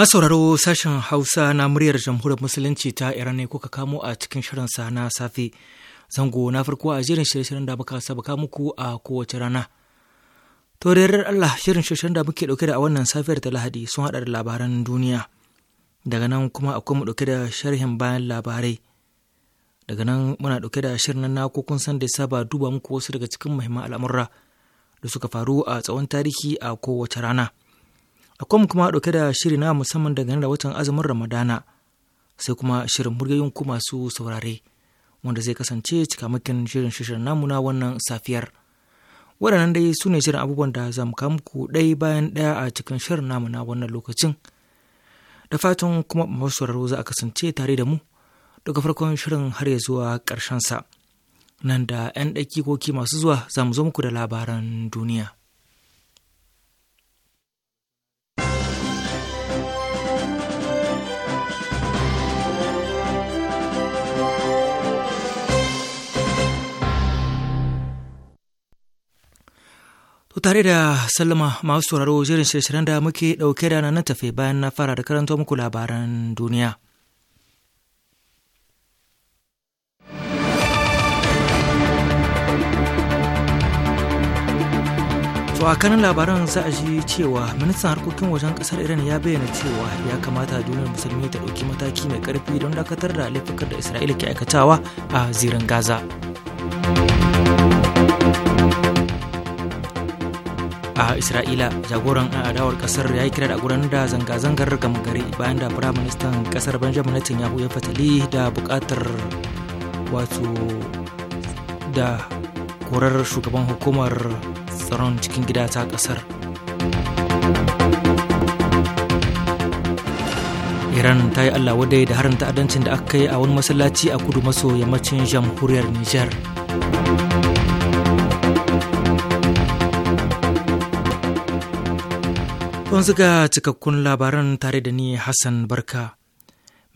Ma sauraro sashen Hausa na muryar Jamhuriyar Musulunci ta Iran ne kuka kamo a cikin shirin sa na safe. Zango na farko a jirin shirye-shiryen da muka saba muku a kowace rana. To da Allah shirin shirye-shiryen da muke dauke da a wannan safiyar ta Lahadi sun hada da labaran duniya. Daga nan kuma akwai mu dauke da sharhin bayan labarai. Daga nan muna dauke da shirin na ko kun san da saba duba muku wasu daga cikin muhimman al'amura da suka faru a tsawon tarihi a kowace rana. akwai mu kuma ɗauke da shiri na musamman dangane da watan azumin ramadana sai kuma shirin muryoyin ku masu saurare wanda zai kasance cikamakin shirin shirin namu na wannan safiyar waɗannan dai su ne shirin abubuwan da za mu kawo muku ɗaya bayan ɗaya a cikin shirin namu na wannan lokacin da fatan kuma masu sauraro za a kasance tare da mu daga farkon shirin har ya zuwa ƙarshen sa nan da 'yan ɗaki koki masu zuwa za mu zo muku da labaran duniya. To tare da sallama masu sauraro jirin shirye-shiryen da muke ɗauke da nan tafe bayan na fara da karanta muku labaran duniya. To a kanin labaran za a ji cewa ministan harkokin wajen kasar Iran ya bayyana cewa ya kamata duniyar musulmi ta ɗauki mataki mai karfi don dakatar da laifukan da Isra'ila ke aikatawa a zirin Gaza. a isra'ila jagoran adawar kasar ya yi kira da gudanar da zanga-zangar gama gari bayan da firaministan kasar benjamin netanyahu ya fatali da bukatar wato da korar shugaban hukumar tsaron cikin gida ta kasar iran ta yi allah wadai da harin ta'addancin da aka yi a wani masallaci a kudu maso yammacin jamhuriyar niger tun ga cikakkun labaran tare da ni Hassan Barka.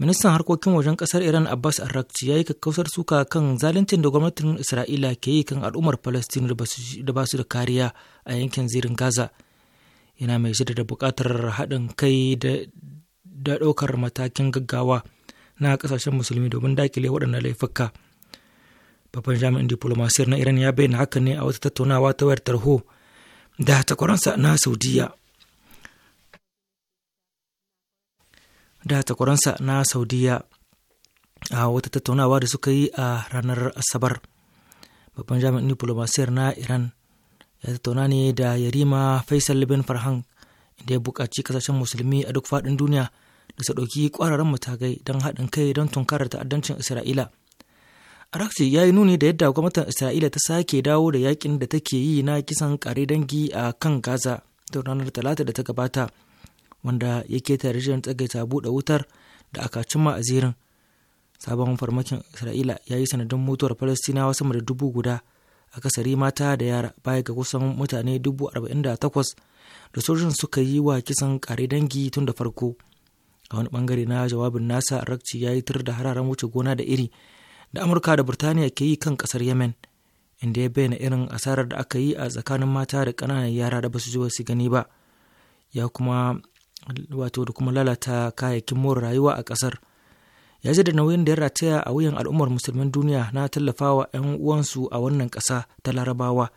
Ministan harkokin wajen kasar Iran Abbas Arrakci ya yi kakkausar suka kan zaluncin da gwamnatin Isra'ila ke yi kan al'ummar Falastinu da ba su da kariya a yankin zirin Gaza. Yana mai shida da bukatar haɗin kai da ɗaukar matakin gaggawa na ƙasashen musulmi domin dakile waɗannan laifuka. Babban jami'in diplomasiyar na Iran ya bayyana haka ne a wata tattaunawa ta wayar tarho da takwaransa na saudiyya. da takwaransa na saudiyya a wata tattaunawa da suka yi a ranar asabar babban jami'in diplomasiyar na iran ya tattauna ne da yarima faisal bin farhan inda ya buƙaci kasashen musulmi a duk faɗin duniya da su ɗauki ƙwararren matakai don haɗin kai don tunkarar ta'addancin isra'ila arakti ya yi nuni da yadda gwamnatin isra'ila ta sake dawo da yakin da take yi na kisan kare dangi a kan gaza da ranar talata da ta gabata wanda ya keta rijiyar tsagaita buɗe wutar da aka cimma a zirin sabon farmakin isra'ila ya yi sanadin mutuwar falastinawa sama da dubu guda a kasari mata da yara baya ga kusan mutane dubu arba'in da takwas da sojin suka yi wa kisan kare dangi tun da farko a wani bangare na jawabin nasa rakci ya yi tur da hararen wuce gona da iri da amurka da burtaniya ke yi kan kasar yemen inda ya bayyana irin asarar da aka yi a tsakanin mata da kananan yara da basu ji su gani ba ya kuma wato da kuma lalata kayayyakin more rayuwa a ƙasar ya ji da nauyin da ya rataya a wuyan al'ummar musulman duniya na tallafawa 'yan uwansu a wannan ƙasa ta larabawa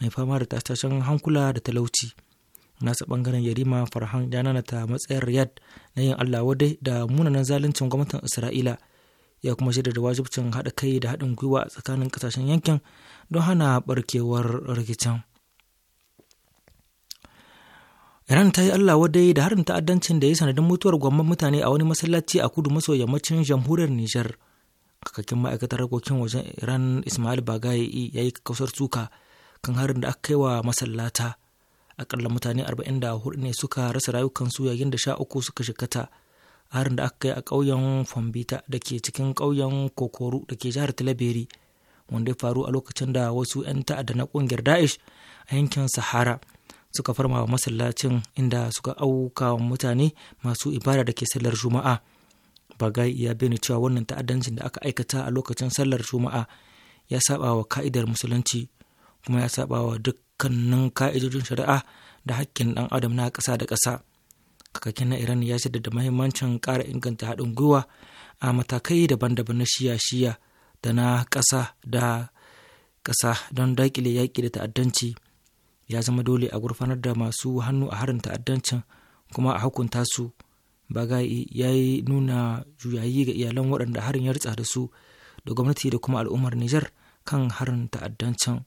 mai fama da tashen hankula da talauci nasa bangaren yarima farhan ya ta matsayar riyad na yin allah wadai da munanan zaluncin gwamnatin isra'ila ya kuma shaida da wajibcin haɗa kai da haɗin gwiwa a tsakanin ƙasashen yankin don hana barkewar rikicin Iran ta yi Allah wadai da harin ta'addancin da ya sanadin mutuwar gwamnan mutane a wani masallaci a kudu maso yammacin jamhuriyar Nijar. Kakakin ma'aikatar harkokin wajen Iran Ismail Bagayi ya yi kausar suka kan harin da aka kai wa masallata. Akalla mutane da 44 ne suka rasa rayukansu yayin da sha uku suka shikata. Harin da aka kai a ƙauyen Fombita da ke cikin ƙauyen Kokoru da ke jihar Talabiri wanda ya faru a lokacin da wasu 'yan ta'adda na ƙungiyar da'ish a yankin Sahara suka farma wa masallacin inda suka auka wa mutane masu ibada da ke sallar juma'a bagai ya bayyana cewa wannan ta'addancin da aka aikata a lokacin sallar juma'a ya saba wa ka'idar musulunci kuma ya saba wa dukkanin ka'idojin shari'a da hakkin dan adam na ƙasa da ƙasa kakakin na iran ya da mahimmancin ƙara inganta haɗin gwiwa a matakai daban-daban na shiya-shiya da na ƙasa da ƙasa don daƙile yaƙi da ta'addanci ya zama dole a gurfanar da masu hannu a harin ta'addancin kuma a hukunta su bagai ya yi nuna juyayi ga iyalan waɗanda harin ya ritsa da su da gwamnati da kuma al'ummar Nijar kan harin ta'addancin.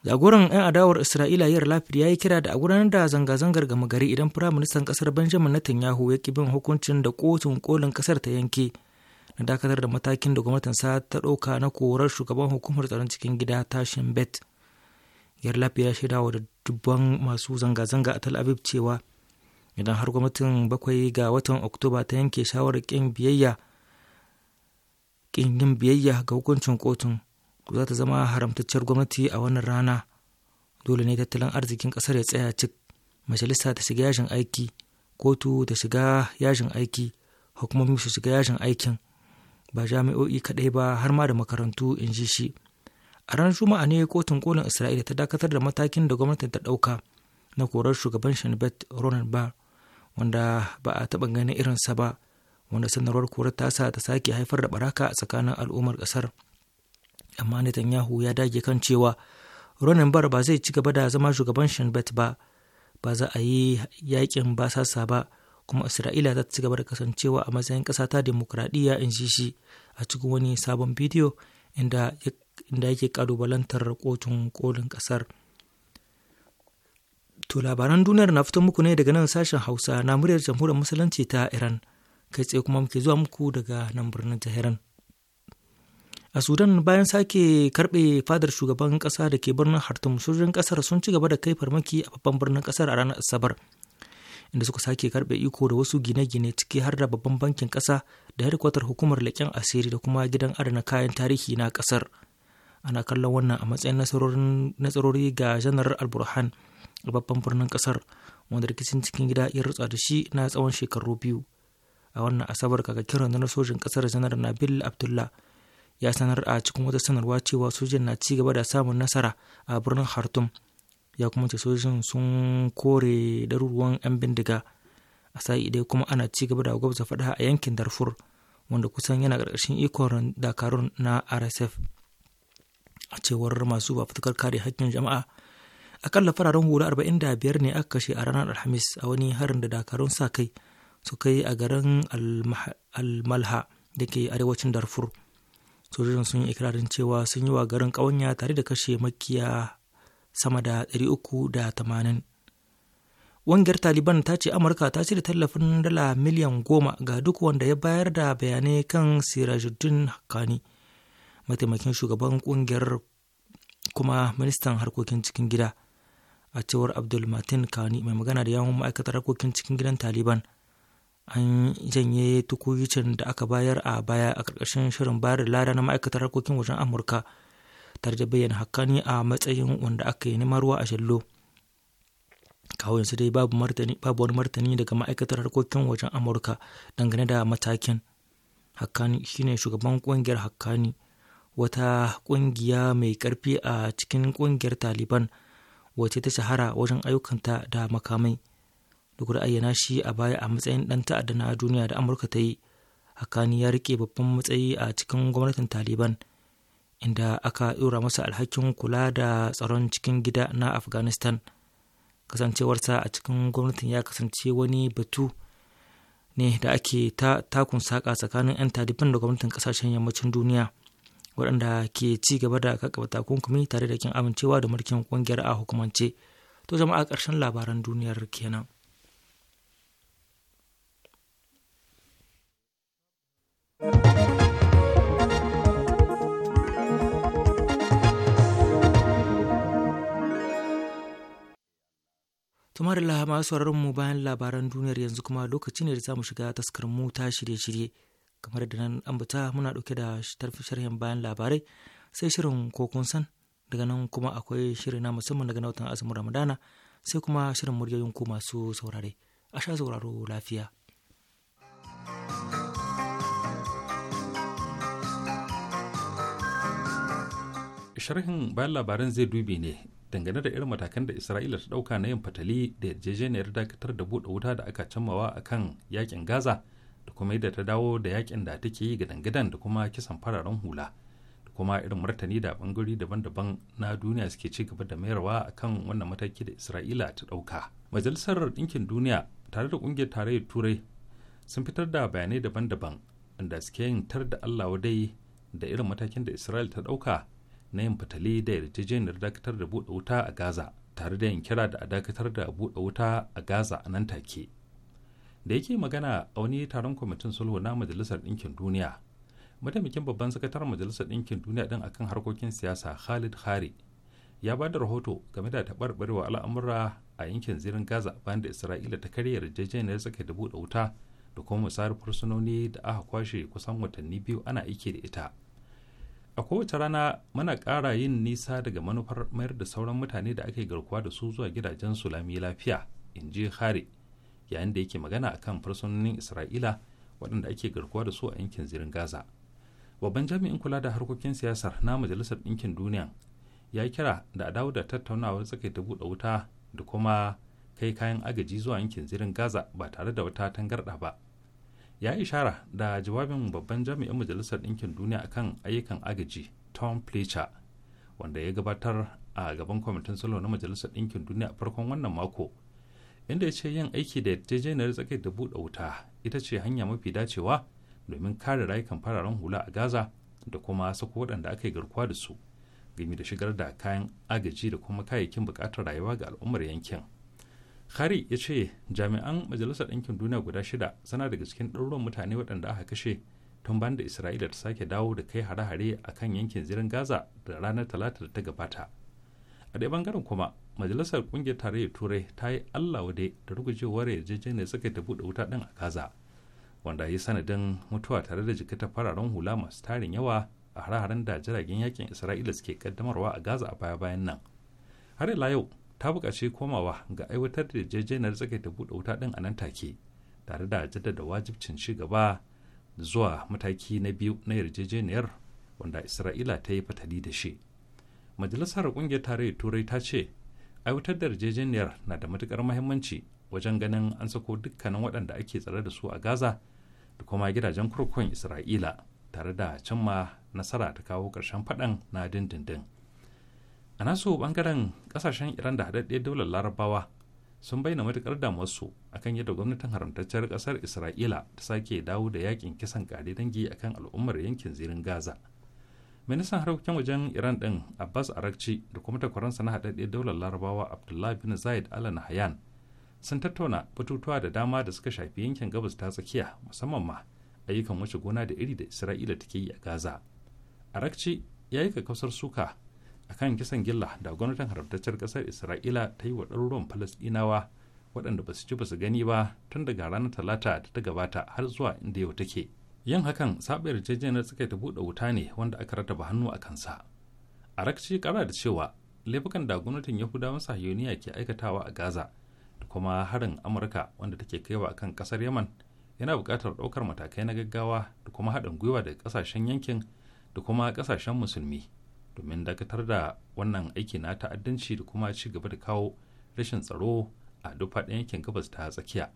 Jagoran 'yan adawar Isra'ila yar lafiya ya yi kira da a gudanar da zanga-zangar gama gari idan Firaministan ƙasar Benjamin Netanyahu ya ki bin hukuncin da kotun kolin ƙasar ta yanke na dakatar da matakin da gwamnatinsa ta ɗauka na korar shugaban hukumar tsaron cikin gida tashin bet. yarlafi ya shaida wa dubban masu zanga-zanga a tal'abib cewa idan har gwamnatin bakwai ga watan oktoba ta yanke shawarar kin biyayya yin biyayya ga hukuncin kotun za ta zama haramtacciyar gwamnati a wannan rana dole ne tattalin arzikin kasar ya tsaya cik majalisa ta shiga yajin aiki kotu ta shiga yajin aiki hukumomi su shiga yajin aikin ba jami'o'i kaɗai ba har ma da makarantu in ji shi a ranar juma'a ne kotun kolin isra'ila ta dakatar da matakin da gwamnati ta dauka na korar shugaban shanbet ronald bar wanda ba a taɓa ganin irinsa ba wanda sanarwar korar tasa ta sake haifar da baraka a tsakanin al'ummar ƙasar amma netanyahu ya dage kan cewa ronan bar ba zai ci gaba da zama shugaban shanbet ba ba za a yi yakin basasa ba kuma isra'ila za ta ci gaba da kasancewa a matsayin ƙasa ta demokradiyya in ji shi a cikin wani sabon bidiyo inda inda yake kalubalantar kotun kolin kasar to labaran duniyar na fito muku ne daga nan sashen hausa na muryar jamhuriyar musulunci ta iran kai tsaye kuma muke zuwa muku daga nan birnin tehran a sudan bayan sake karbe fadar shugaban kasa da ke birnin hartum sojojin kasar sun ci gaba da kai farmaki a babban birnin kasar a ranar asabar inda suka sake karbe iko da wasu gine-gine ciki har da babban bankin kasa da hedkwatar hukumar leƙen asiri da kuma gidan adana kayan tarihi na kasar ana kallon wannan a matsayin nasarori ga janar alburhan a babban birnin kasar wanda rikicin cikin gida ya rutsa da shi na tsawon shekaru biyu a wannan asabar kaga kiran na sojin kasar janar nabil abdullah ya sanar a cikin wata sanarwa cewa sojin na ci gaba da samun nasara a birnin hartum ya kuma ce sojin sun kore daruruwan 'yan bindiga a sa'i dai kuma ana ci gaba da gwabza faɗa a yankin darfur wanda kusan yana ƙarƙashin ikon dakarun na rsf a cewar masu fafutukar kare hakkin jama'a akalla fararen hula 45 ne aka kashe a ranar alhamis a wani harin da dakarun sa kai su kai a garin almalha da ke arewacin darfur sojojin sun yi ikirarin cewa sun yi wa garin kawanya tare da kashe makiya sama da 380 wangiyar taliban ta ce amurka ta cire tallafin dala miliyan goma ga duk wanda ya bayar da bayanai kan sirajuddin kani mataimakin shugaban kungiyar kuma ministan harkokin cikin gida a cewar abdul martin kani mai magana da yawon ma'aikatar harkokin cikin gidan taliban an janye tukuyucin da aka bayar a baya a ƙarƙashin shirin bayar da lada na ma'aikatar harkokin wajen amurka tare da bayyana hakani a matsayin wanda aka yi neman ruwa a shallo kawo yanzu dai babu martani babu wani martani daga ma'aikatar harkokin wajen amurka dangane da matakin hakani shine shugaban kungiyar hakani wata ƙungiya mai ƙarfi a cikin ƙungiyar taliban wace ta shahara wajen ayyukanta da makamai duk da ayyana shi a baya a matsayin ɗan ta'adda na duniya da amurka ta yi hakani ya rike babban matsayi a cikin gwamnatin taliban inda aka ɗora masa alhakin kula da tsaron cikin gida na afghanistan kasancewarsa a cikin gwamnatin ya kasance wani batu ne da ake ta takun saka tsakanin 'yan taliban da gwamnatin ƙasashen yammacin duniya waɗanda ke ci gaba da kakaba takunkumi tare da kin amincewa da mulkin kungiyar a hukumance to jama'a ƙarshen labaran duniyar kenan. kamar da masu sauraron mu bayan labaran duniyar yanzu kuma lokaci ne da za mu shiga taskar mu ta shirye-shirye kamar da nan an ambata muna ɗauke da sharhin bayan labarai sai shirin kokon san daga nan kuma akwai shiri na musamman daga nautan azumin ramadana sai kuma shirin muryoyin ku masu saurare a sha sauraro lafiya sharhin bayan labaran zai dubi ne dangane da irin matakan da isra'ila ta dauka na yin fatali da yarjejeniyar dakatar da buɗe wuta da aka cammawa akan yakin gaza da kuma yadda ta dawo da yakin da take yi ga gidan da kuma kisan fararen hula da kuma irin martani da bangare daban-daban na duniya suke ci gaba da mayarwa akan wannan mataki da isra'ila ta dauka. majalisar ɗinkin duniya tare da ƙungiyar tarayyar turai sun fitar da bayanai daban-daban da suke yin tar da allah wadai da irin matakin da isra'il ta dauka na yin fitali da yarjejeniyar dakatar da buɗe wuta a gaza tare da yin kira da a dakatar da buɗe wuta a gaza a nan take da yake magana a wani taron kwamitin sulhu na majalisar ɗinkin duniya mataimakin babban sakataren majalisar ɗinkin duniya ɗin akan harkokin siyasa khalid hari ya ba da rahoto game da taɓarɓarewa al'amura a yankin zirin gaza bayan da isra'ila ta karya yarjejeniyar dubu da wuta da kuma musari fursunoni da aka kwashe kusan watanni biyu ana aiki da ita a kowace rana muna ƙara yin nisa daga manufar mayar da sauran mutane da ake garkuwa da su zuwa gidajen su lami lafiya in ji hari yayin da yake magana a kan fursunonin isra'ila waɗanda ake garkuwa da su a yankin zirin gaza babban jami'in kula da harkokin siyasar na majalisar ɗinkin duniya ya kira da a dawo da tattaunawar tsakaita buɗe wuta da kuma kai kayan agaji zuwa yankin zirin gaza ba tare da wata tangarɗa ba ya ishara da jawabin babban jami'in majalisar ɗinkin duniya akan ayyukan agaji tom fletcher wanda ya gabatar a gaban kwamitin salo na majalisar ɗinkin duniya a farkon wannan mako inda ya ce yin aiki da yarjejeniyar tsakai da buɗe wuta ita ce hanya mafi dacewa domin kare rayukan fararen hula a gaza da kuma sako waɗanda aka yi garkuwa da su game da shigar da kayan agaji da kuma kayayyakin buƙatar rayuwa ga al'ummar yankin hari ya ce jami'an majalisar ɗinkin duniya guda shida suna daga cikin ɗaruruwan mutane waɗanda aka kashe tun ban da isra'ila ta sake dawo da kai hare-hare a kan yankin zirin gaza da ranar talata da ta gabata a ɗaya bangaren kuma majalisar kungiyar tarayyar turai ta yi allah wade da rugujewar yarjejeniyar suka da buɗe wuta ɗin a gaza wanda ya sanadin mutuwa tare da jikita fararen hula masu tarin yawa a hare-haren da jiragen yakin isra'ila suke kaddamarwa a gaza a baya-bayan nan har ila yau ta buƙaci komawa ga aiwatar da yarjejeniyar suka da buɗe wuta ɗin a nan take tare da jaddada wajibcin ci gaba zuwa mataki na biyu na yarjejeniyar wanda isra'ila ta yi fatali da shi majalisar kungiyar tarayyar turai ta ce aiwatar da yarjejeniyar na da matukar mahimmanci wajen ganin an sako dukkanin waɗanda ake tsare da su a gaza da kuma gidajen kurkukun isra'ila tare da cimma nasara ta kawo ƙarshen faɗan na dindindin a nasu ɓangaren ƙasashen iran da haɗaɗɗiyar daular larabawa sun bayyana matukar damuwarsu akan yadda gwamnatin haramtacciyar ƙasar isra'ila ta sake dawo da yakin kisan kare dangi akan al'ummar yankin zirin gaza ministan harkokin wajen iran din abbas arakci da kuma takwaransa na haɗaɗɗe daular larabawa abdullahi bin zayed al nahyan sun tattauna batutuwa da dama da suka shafi yankin gabas ta tsakiya musamman ma ayyukan wuce gona da iri da isra'ila take yi a gaza arakci ya yi kakkausar suka a kan kisan gilla da gwamnatin haramtaccen ƙasar isra'ila ta yi wa ɗaruruwan falasɗinawa waɗanda ba su ci ba su gani ba tun daga ranar talata da ta gabata har zuwa inda yau take yin hakan saɓa yarjejeniyar suka ta buɗe wuta ne wanda aka rataba hannu a kansa A rakci kara da cewa laifukan da gwamnatin yahudawan sahiyoniya ke aikatawa a gaza da kuma harin amurka wanda take kaiwa a kan kasar yaman yana buƙatar ɗaukar matakai na gaggawa da kuma haɗin gwiwa daga ƙasashen yankin da kuma ƙasashen musulmi domin dakatar da wannan aiki na ta'addanci da kuma ci gaba da kawo rashin tsaro a duk faɗin yankin gabas ta tsakiya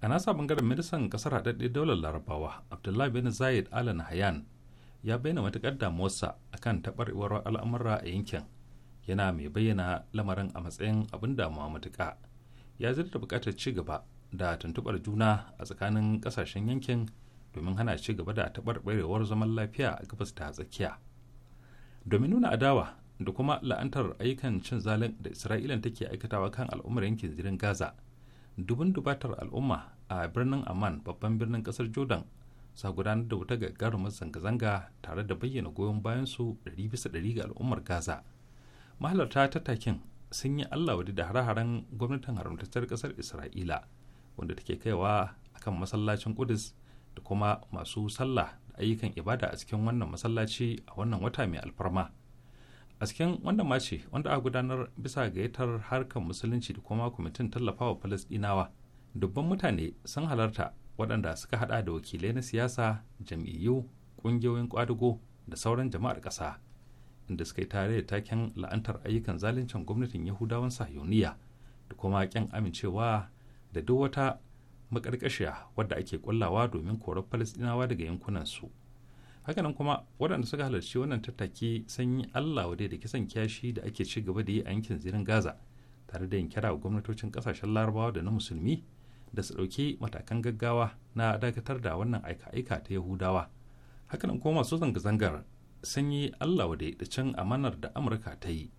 a nasa bangaren ministan kasar haɗaɗɗe daular larabawa abdullahi bin zayed alan hayan ya bayyana matuƙar damuwarsa akan taɓarɓarwar al'amura a yankin yana mai bayyana lamarin a matsayin abin damuwa matuƙa ya zarta buƙatar ci gaba da tuntuɓar juna a tsakanin ƙasashen yankin domin hana ci gaba da taɓarɓarewar zaman lafiya a gabas ta tsakiya domin nuna adawa da kuma la'antar ayyukan cin zalin da isra'ila take aikatawa kan al'ummar yankin zirin gaza dubin dubatar al'umma a birnin amman babban birnin kasar jordan sa gudanar da wuta gagarumar zanga-zanga tare da bayyana goyon bayan bayansu 100% ga al'ummar gaza mahalarta ta takin sun yi allah wadi da hare-haren gwamnatin haramtattar kasar isra'ila wanda take kaiwa kan masallacin kudus da kuma masu sallah da ayyukan ibada a cikin wannan masallaci a wannan wata mai alfarma a cikin wanda mace wanda a gudanar bisa gayyatar harkar musulunci da kuma kwamitin tallafawa falasdinawa dubban mutane sun halarta waɗanda suka hada da wakilai na siyasa jam'iyyu ƙungiyoyin ƙwadago da sauran jama'ar ƙasa inda suka yi tare da taken la'antar ayyukan zaluncin gwamnatin yahudawan sahiyoniya da kuma ƙyan amincewa da duk wata maƙarƙashiya wadda ake ƙullawa domin korar falasɗinawa daga yankunansu hakanan kuma waɗanda suka halarci wannan tattaki sun yi allah wadai da kisan kyashi da ake ci gaba da yi a yankin zirin gaza tare da yin kira gwamnatocin kasashen larabawa da na musulmi da su ɗauki matakan gaggawa na dakatar da wannan aika-aika ta yahudawa hakanan kuma masu zanga-zangar sun yi allah wadai da cin amanar da amurka ta yi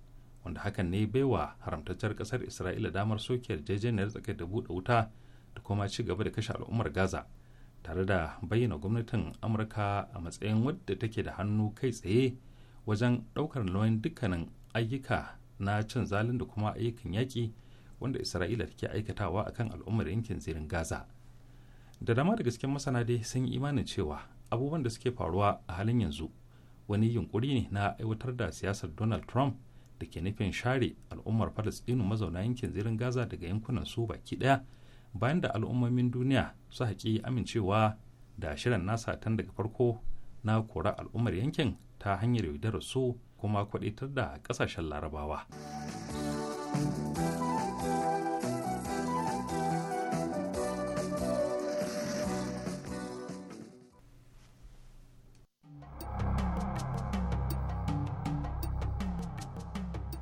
wanda hakan ne baiwa haramtacciyar kasar isra'ila damar soke jejeniyar tsakar da buɗe wuta da kuma ci gaba da kashe al'ummar gaza tare da bayyana gwamnatin amurka a matsayin wadda take da hannu kai tsaye wajen ɗaukar nauyin dukkanin ayyuka na cin zalin da kuma ayyukan yaƙi wanda isra'ila take aikatawa akan al'ummar yankin zirin gaza da dama da gasken masana dai sun yi imanin cewa abubuwan da suke faruwa a halin yanzu wani yunkuri ne na aiwatar da siyasar donald trump da ke nufin share al'ummar falastinu mazauna yankin zirin gaza daga yankunan su baki ɗaya bayan da al'ummomin duniya su haƙi amincewa da shirin nasa tun daga farko na kora al'ummar yankin ta hanyar yaudarar su kuma kwaɗitar da ƙasashen larabawa.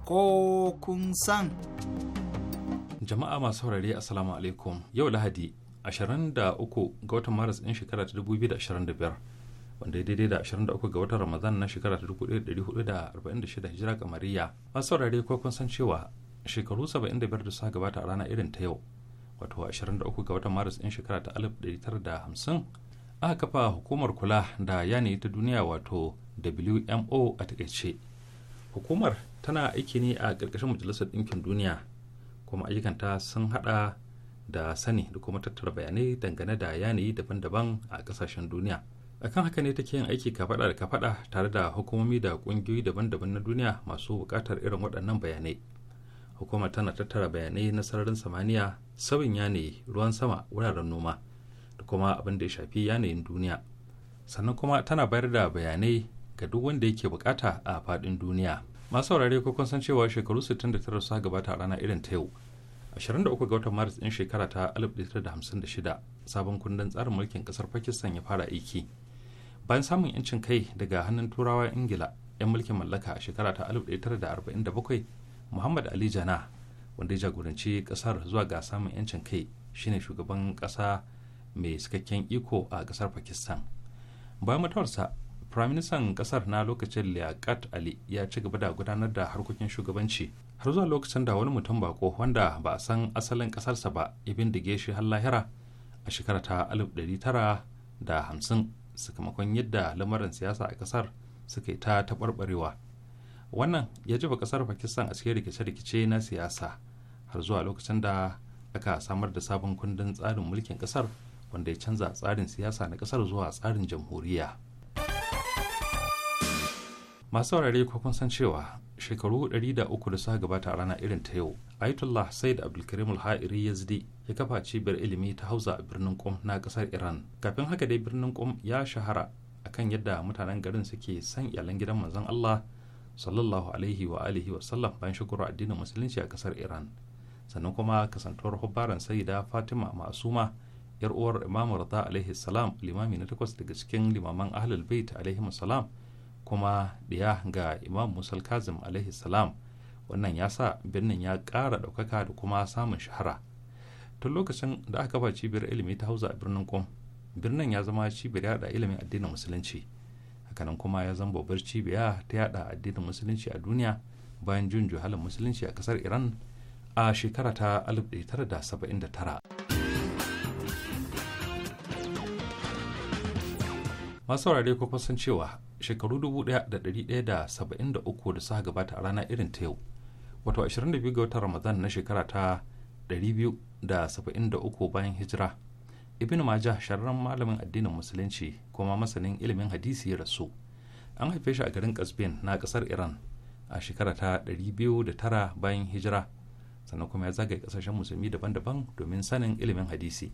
Ko kun san. jama'a masu saurare assalamu alaikum yau lahadi 23 ga watan maris ɗin shekara ta 2025 wanda ya daidai da 23 ga watan ramadan na shekara ta 1446 hijira kamariya masu saurare ko kun san cewa shekaru 75 da suka gabata a rana irin ta yau wato 23 ga watan maris ɗin shekara ta 1950 aka kafa hukumar kula da yanayi ta duniya wato wmo a takaice hukumar tana aiki ne a ƙarƙashin majalisar ɗinkin duniya kuma ayyukanta sun hada da sani da kuma tattara bayanai dangane da yanayi daban-daban a kasashen duniya akan haka ne take yin aiki kafada da kafada tare da hukumomi da kungiyoyi daban-daban na duniya masu bukatar irin waɗannan bayanai hukumar tana tattara bayanai na sararin samaniya sauyin yanayi ruwan sama wuraren noma da kuma abin da ya shafi yanayin duniya sannan kuma tana bayar da bayanai ga duk wanda yake bukata a faɗin duniya masu saurari ko kun san cewa shekaru 69 suka gabata a rana irin ta yau 23 ga watan maris din shekara ta 1956 sabon kundin tsarin mulkin kasar pakistan ya fara aiki bayan samun yancin kai daga hannun turawa ingila 'yan mulkin mallaka a shekara ta 1947 muhammad ali jana wanda ya jagoranci kasar zuwa ga samun yancin kai shine shugaban kasa mai cikakken iko a kasar pakistan bayan mutuwarsa firaministan kasar na lokacin liaquat ali ya ci gaba da gudanar da harkokin shugabanci har zuwa lokacin da wani mutum bako wanda ba a san asalin kasarsa ba ya bindige shi har lahira a shekara ta 1950 sakamakon yadda lamarin siyasa a kasar suka ta taɓarɓarewa wannan ya jefa kasar pakistan a cikin rikice-rikice na siyasa har zuwa lokacin da aka samar da sabon kundin tsarin mulkin kasar wanda ya canza tsarin siyasa na kasar zuwa tsarin jamhuriya. masu saurare ko kun san cewa shekaru 300 da suka gabata a rana irin ta yau ayatollah said abdulkarim al-ha'iri yazdi ya kafa cibiyar ilimi ta hausa a birnin qom na kasar iran kafin haka dai birnin qom ya shahara akan yadda mutanen garin suke san iyalan gidan manzon allah sallallahu alaihi wa alihi wa sallam bayan shukuru addinin musulunci a kasar iran sannan kuma kasantuwar hubbaran sayyida fatima masuma yar uwar imamu rada alaihi salam limami na takwas daga cikin limaman ahlul bait alaihi salam kuma ɗaya ga imam musal kazim alaihi salam wannan ya sa birnin ya kara ɗaukaka da kuma samun shahara tun lokacin da aka kafa cibiyar ilimi ta hauza a birnin kom birnin ya zama cibiyar yada ilimin addinin musulunci hakanan kuma ya zama babbar cibiya ta yada addinin musulunci a duniya bayan jin juhalin musulunci a kasar iran a shekara ta 1979 masu saurare ko shekaru 1173 da suka gabata a rana irin ta yau wato 22 ga watan ramadan na shekara ta 273 bayan hijira ibn Maja shararren malamin addinin musulunci kuma masanin ilimin hadisi ya rasu an haife shi a garin kasbin na kasar iran a shekara ta tara bayan hijira sannan kuma ya zagaye kasashen musulmi daban-daban domin sanin ilimin hadisi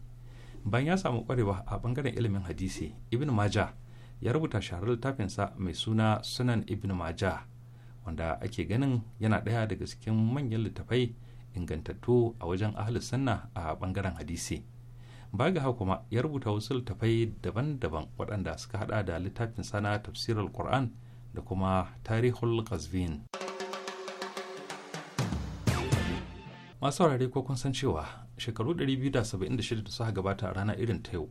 bayan ya samu kwarewa a bangaren ilimin hadisi ibn Maja. ya rubuta shaharar littafinsa mai suna sunan ibn maja wanda ake ganin yana ɗaya daga cikin manyan littafai ingantattu a wajen ahli sunna a bangaren hadisi ba ga kuma ya rubuta wasu littafai daban-daban waɗanda suka hada da littafin sana tafsirar qur'an da kuma tarihul qazvin masu saurare ko kun san cewa shekaru 276 da suka gabata a rana irin ta yau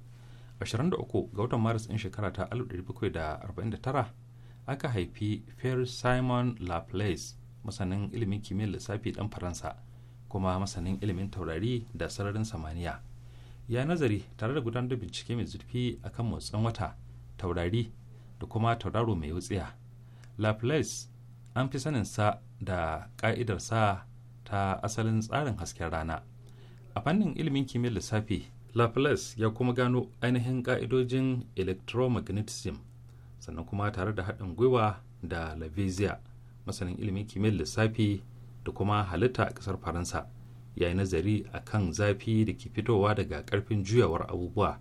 23 ga watan maris in shekara ta 1749 aka haifi pierre simon laplace masanin ilimin kimiyyar lissafi dan faransa kuma masanin ilimin taurari da sararin samaniya ya nazari tare da gudanar da bincike mai zurfi akan motsin wata taurari da kuma tauraro mai wutsiya laplace an fi saninsa da sa ta asalin tsarin hasken rana a fannin ilimin kimiyyar lissafi laplace ya kuma gano ainihin ka'idojin electromagnetism sannan kuma tare da haɗin gwiwa da lavizia masanin ilimin kimiyyar lissafi da kuma halitta a ƙasar faransa ya yi nazari a kan zafi da ke fitowa daga ƙarfin juyawar abubuwa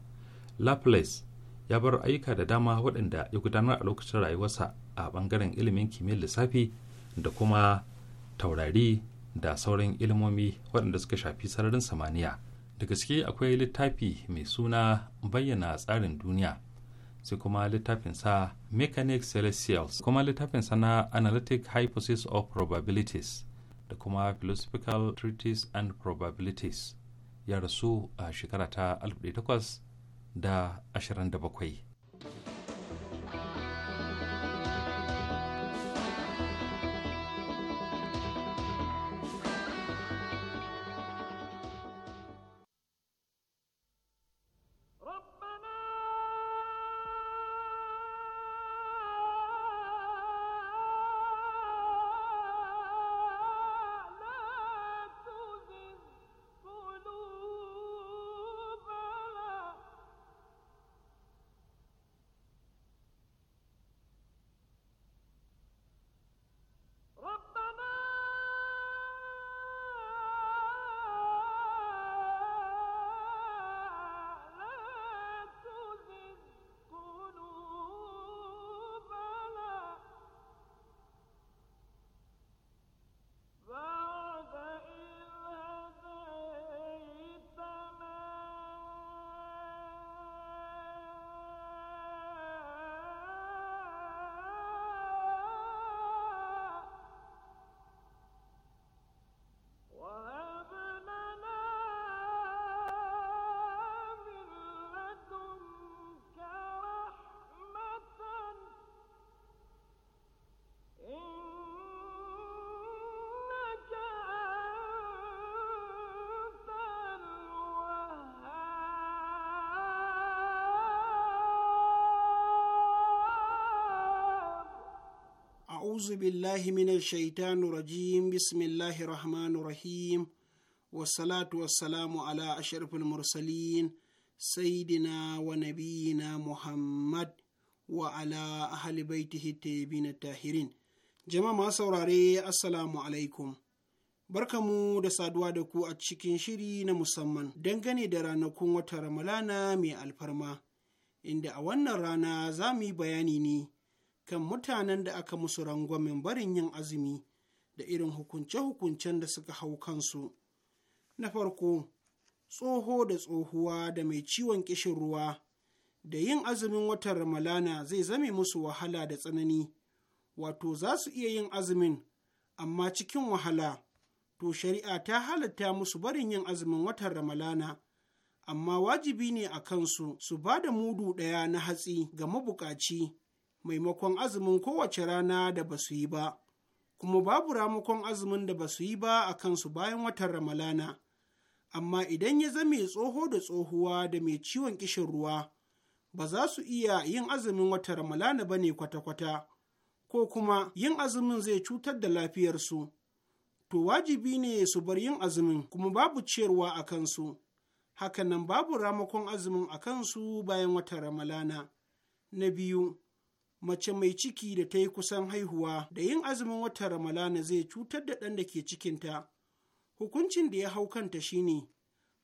laplace ya bar ayyuka da dama waɗanda ya gudanar a lokacin rayuwarsa a ɓangaren ilimin kimiyyar lissafi da kuma taurari da sauran ilimomi waɗanda suka shafi sararin samaniya da gaske akwai littafi mai suna bayyana tsarin duniya sai kuma sa mechanic celestials kuma littafin sa na analytic hypothesis of probabilities da kuma philosophical treaties and probabilities ya rasu a shekara ta 1827 a'uzu billahi minash shaitani rajim bismillahir rahmanir rahim wassalatu wassalamu ala ashrafil mursalin saidina wa nabiyina muhammad wa ala hita baitihi na tahirin jama'a ma saurare assalamu alaikum mu da saduwa da ku a cikin shiri na musamman dangane da ranakun wata Ramalana mai alfarma, inda a wannan rana za mu yi bayani ne kan mutanen da aka musu rangwamen barin yin azumi da irin hukunce-hukuncen da suka hau kansu. Na farko, tsoho da tsohuwa da mai ciwon ƙishin ruwa, da yin azumin watan Ramalana zai zame musu wahala da tsanani, wato za su iya yin azumin, amma cikin wahala, to shari'a ta halatta musu barin yin azumin watan Ramalana. amma wajibi ne a kansu su ba da mudu ɗaya na hatsi ga mabukaci maimakon azumin kowace rana da ba su yi ba, kuma babu ramakon azumin da ba su yi ba a kansu bayan watan Ramalana. Amma idan ya zame tsoho da tsohuwa da mai ciwon kishin ruwa, ba za su iya yin azumin watan Ramalana ba ne kwata-kwata, ko kuma yin azumin zai cutar da lafiyarsu. To wajibi ne su bar yin azumin kuma babu ciyarwa a kansu. nan babu ramakon azumin a kansu bayan watan Ramalana. Na biyu, mace mai ciki da ta yi kusan haihuwa da yin azumin watan ramalana zai cutar da ɗan da ke cikinta hukuncin da ya hau kanta shine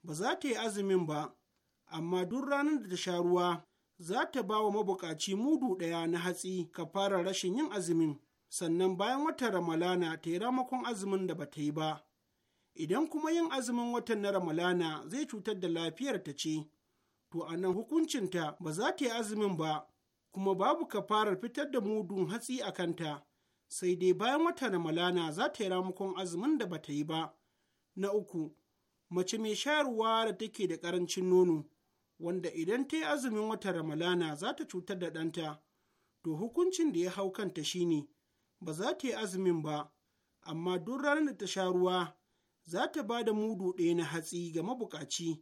ba za ta yi azumin ba amma duk ranar da ta sha ruwa za ta ba wa mabukaci mudu ɗaya na hatsi ka fara rashin yin azumin sannan bayan watan ramalana ta yi ramakon azumin da ba ta yi ba idan kuma yin azumin watan na ramalana zai cutar da lafiyar ta ce to a nan hukuncinta ba za ta yi azumin ba kuma babu kafarar fitar da mudun hatsi a kanta, sai dai bayan wata Ramalana za ta yi ramukon azumin da bata yi ba. Na uku, mace mai shayarwa da take da ƙarancin nono, wanda idan ta yi azumin wata Ramalana za ta cutar da ɗanta, to hukuncin da ya hau kanta shi ne, ba za ta yi azumin ba, amma duk ranar da ta sha ruwa za ta ba da mudu ɗaya na hatsi ga mabukaci,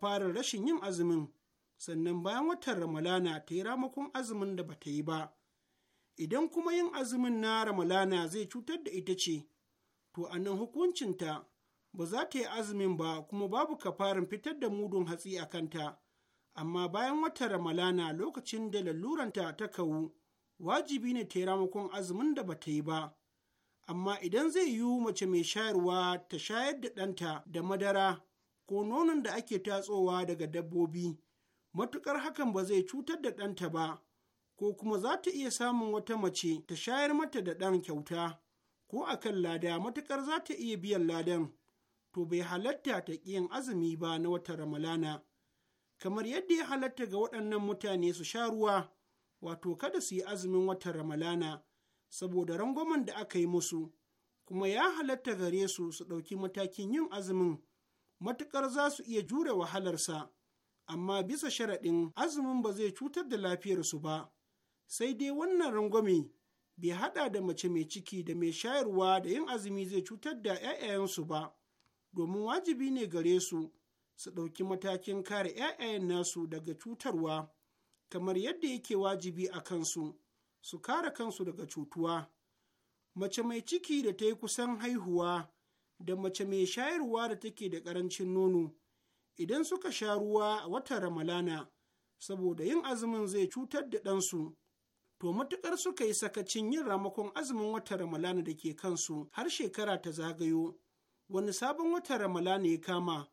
fara rashin yin azumin. sannan bayan watan ramalana ta yi ramakon azumin da bata yi ba idan kuma yin azumin na ramalana zai cutar da ita ce to a nan hukuncinta ba za ta yi azumin ba kuma babu kafarin fitar da mudun hatsi a kanta amma bayan watan ramalana lokacin da laluranta ta kawu wajibi ne ta yi ramakon azumin da bata yi ba amma idan zai yiwu mace mai shayarwa ta shayar da ɗanta da madara ko nonon da ake tatsowa daga dabbobi matuƙar hakan ba zai cutar da ɗanta ba, ko kuma za ta iya samun wata mace ta shayar mata da ɗan kyauta, ko a kan lada matuƙar za ta iya biyan ladan, to bai halatta ta ƙiyan azumi ba na wata Ramalana. Kamar yadda ya halatta ga waɗannan mutane su sha ruwa, wato kada su yi azumin wata Ramalana, saboda rangwamen da aka yi musu, kuma ya halatta gare su su ɗauki matakin yin azumin, matuƙar za su iya jure wahalarsa. amma bisa sharaɗin azumin ba zai cutar da lafiyarsu ba sai dai wannan rangwame bai haɗa da mace mai ciki da mai shayarwa da yin azumi zai cutar da 'ya'yayensu ba domin wajibi ne gare su su ɗauki matakin kare 'ya'yayen nasu daga cutarwa kamar yadda yake wajibi a kansu su kare kansu daga cutuwa mace mai ciki da ta yi kusan haihuwa da mace mai shayarwa da take da ƙarancin nono idan suka sha ruwa a watan Ramalana, saboda yin azumin zai cutar da ɗansu. To matuƙar suka yi sakacin yin ramakon azumin watan Ramalana da ke kansu har shekara ta zagayo, wani sabon watan Ramalana ya kama,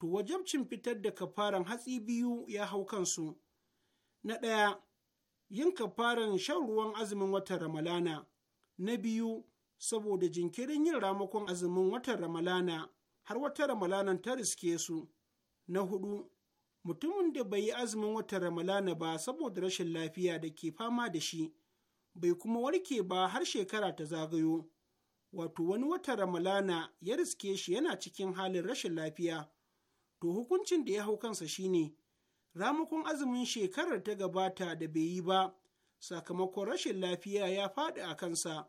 to wajabcin fitar da kafaran hatsi biyu ya hau kansu. Na ɗaya, yin kafaran shan ruwan azumin watan Ramalana. Na biyu, saboda jinkirin yin ramakon azumin watan Ramalana har wata Ramalana ta riske su. na hudu mutumin da bai yi azumin wata ramalana ba saboda rashin lafiya da ke fama da shi bai kuma warke ba har shekara ta zagayo wato wani wata ramalana ya riske shi yana cikin halin rashin lafiya to hukuncin da ya hau kansa shine ramakon azumin shekarar ta gabata da bai yi ba sakamakon rashin lafiya ya faɗi a kansa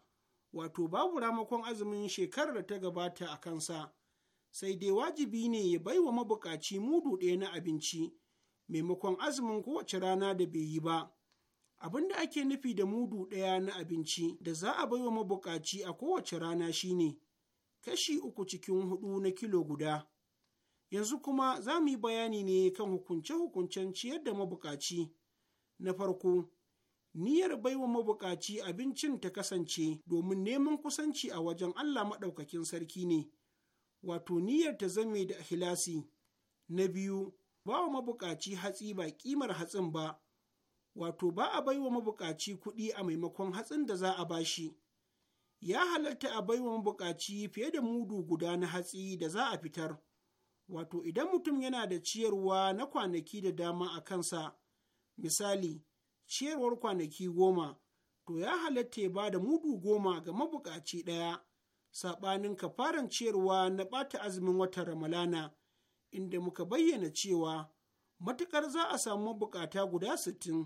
wato babu ramakon azumin shekarar ta gabata a kansa sai dai wajibi ne ya bai wa mabukaci mudu ɗaya na abinci maimakon azumin kowace rana da bai yi ba abin da ake nufi da mudu ɗaya na abinci da za a baiwa mabukaci a kowace rana shine kashi uku cikin hudu na kilo guda yanzu kuma za mu yi bayani ne kan hukunce-hukuncen ciyar da mabukaci na farko niyyar baiwa mabukaci abincin ta kasance domin neman kusanci a wajen allah maɗaukakin sarki ne wato niyyar ta zame da ikhlasi na biyu ba wa mabukaci hatsi ba kimar hatsin ba wato ba a baiwa mabukaci kuɗi a maimakon hatsin da za a bashi ya halarta a baiwa mabukaci fiye da mudu guda na hatsi da za a fitar wato idan mutum yana da ciyarwa na kwanaki da dama a kansa misali ciyarwar kwanaki goma to ya halatta ya ba da mudu goma ga mabukaci ɗaya saɓanin kafaran ciyarwa na ɓata azumin watan Ramalana, inda muka bayyana cewa matuƙar za a samu mabukata guda sittin,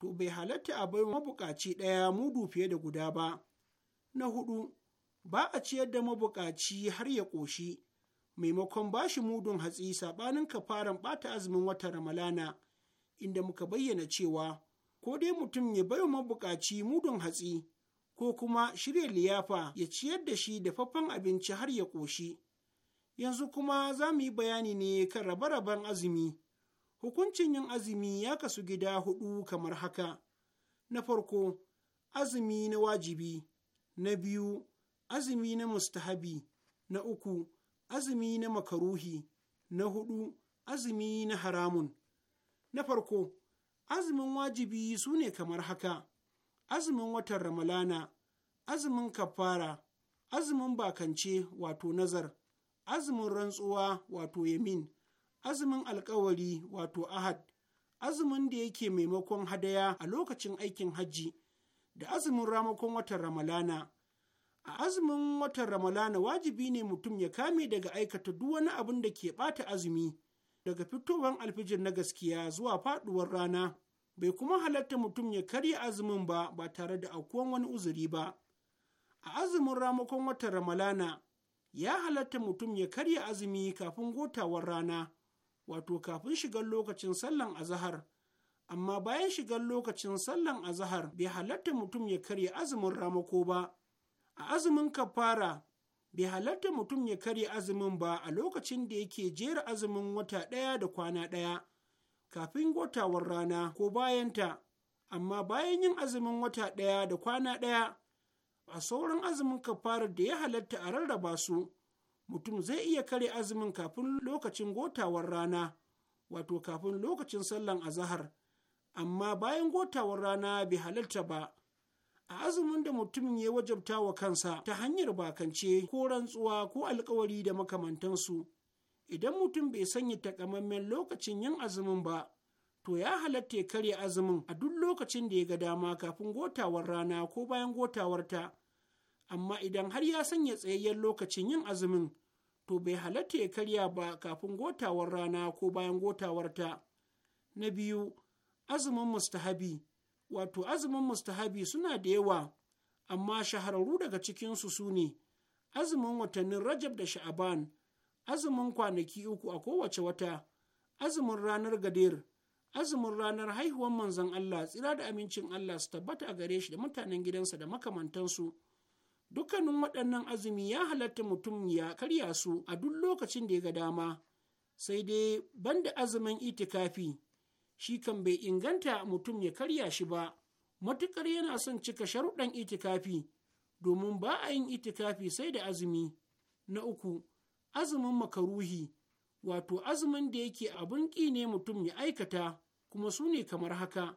to bai halatta a bai mabukaci ɗaya mudu fiye da guda ba. Na hudu, ba a ciyar da mabukaci har ya ƙoshi, maimakon ba shi mudun hatsi saɓanin kafaran ɓata azumin watan Ramalana, inda muka bayyana cewa, ko dai mutum ya bai mabukaci mudun hatsi, ko kuma shirya liyafa ya ciyar da shi da faffan abinci har ya ƙoshi. Yanzu kuma za mu yi bayani ne kan rabe-raben azumi. Hukuncin yin azumi ya kasu gida hudu kamar haka. Na farko, azumi na wajibi. Na biyu, azumi na mustahabi. Na uku, azumi na makaruhi. Na hudu azumi na haramun. Na farko, azumin wajibi su ne kamar haka. azumin watan ramalana azumin kafara azumin bakance wato nazar azumin rantsuwa wato yamin azumin alkawari wato ahad azumin da yake maimakon hadaya a lokacin aikin hajji da azumin ramakon watan ramalana a azumin watan ramalana wajibi ne mutum ya kame daga aikata duk wani abin da ke bata azumi daga fitowar alfijir na gaskiya zuwa faɗuwar rana bai kuma halatta mutum ya karya azumin ba ba tare da aukuwan wani uzuri ba a azumin ramakon watan ramalana ya halatta mutum ya karya azumi kafin gotawar rana wato kafin shigar lokacin sallan azahar amma bayan shigar lokacin sallan azahar bai halatta mutum ya karya azumin ramako ba a azumin kafara bai halatta mutum ya karya azumin ba a lokacin da yake jera azumin wata ɗaya da kwana ɗaya kafin gotawar rana ko bayanta, amma bayan yin azumin wata ɗaya da kwana ɗaya, a sauran azumin kafarar da ya halatta a rarraba su, mutum zai iya kare azumin kafin lokacin gotawar rana, wato kafin lokacin sallan azahar, amma bayan gotawar rana bai halatta ba. a azumin da mutumin ya wajabta wa kansa ta hanyar bakance ko rantsuwa ko alkawari da makamantansu idan mutum bai sanya takamaiman lokacin yin azumin ba to ya halatta ya karya azumin a duk lokacin da ya ga dama kafin gotawar rana ko bayan gotawarta amma idan har ya sanya tsayayyen lokacin yin azumin to bai halatta ya karya ba kafin gotawar rana ko bayan gotawarta na biyu azumin mustahabi wato azumin mustahabi suna da yawa amma shahararru daga cikinsu su ne azumin watannin rajab da sha'aban azumin kwanaki uku a kowace wata azumin ranar gadir azumin ranar haihuwar manzon Allah tsira da amincin Allah su tabbata a gare shi da mutanen gidansa da makamantansu dukkanin waɗannan azumi ya halatta mutum ya karya su a duk lokacin da ya ga dama sai dai banda azumin itikafi shi kan bai inganta mutum ya karya shi ba matuƙar yana son cika sharuɗan itikafi domin ba a yin itikafi sai da azumi na uku azumin makaruhi wato azumin da yake abin ƙi ne mutum ya aikata kuma su ne kamar haka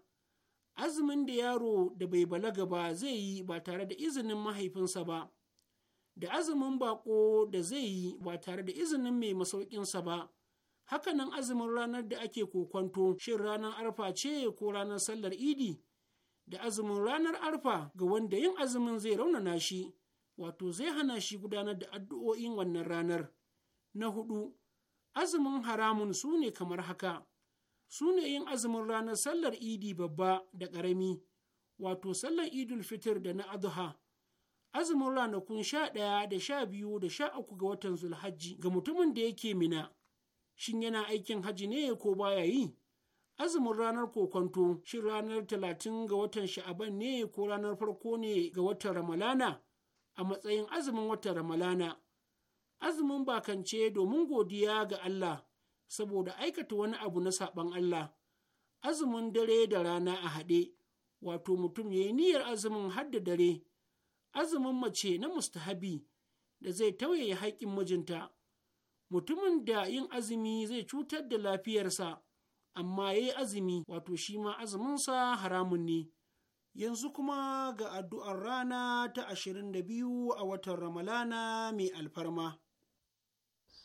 azumin da yaro da bai balaga ba zai yi ba tare da izinin mahaifinsa ba da azumin bako da zai yi ba tare da izinin mai masauƙinsa ba hakanan azumin ranar da ake kokwanto shin ranar arfa ce ko ranar sallar idi da azumin ranar arfa ga wanda yin azumin zai raunana shi wato zai hana shi gudanar da addu'o'in wannan ranar Na hudu, azumin haramun su ne kamar haka, su ne yin azumin ranar sallar idi babba da ƙarami, wato sallar idul fitir da na adha. Azumin ranakun sha ɗaya da sha biyu da sha uku ga watan Zulhajji ga mutumin da yake mina, shin yana aikin haji ne ko baya yi? azumin ranar kokonto shin ranar talatin ga watan sha'aban ne ko ranar farko ne ga watan ramalana a matsayin azumin watan ramalana azumin bakance domin godiya ga Allah saboda aikata wani abu na saɓan Allah, azumin dare da rana a haɗe, wato mutum ya yi niyyar azumin hadda dare, azumin mace na mustahabi da zai tauye haƙƙin mijinta. Mutumin da yin azumi zai cutar da lafiyarsa, amma ya yi azumi, wato shi ma azuminsa haramun ne. Yanzu kuma ga addu'ar rana ta ashirin da biyu a watan Ramalana mai alfarma.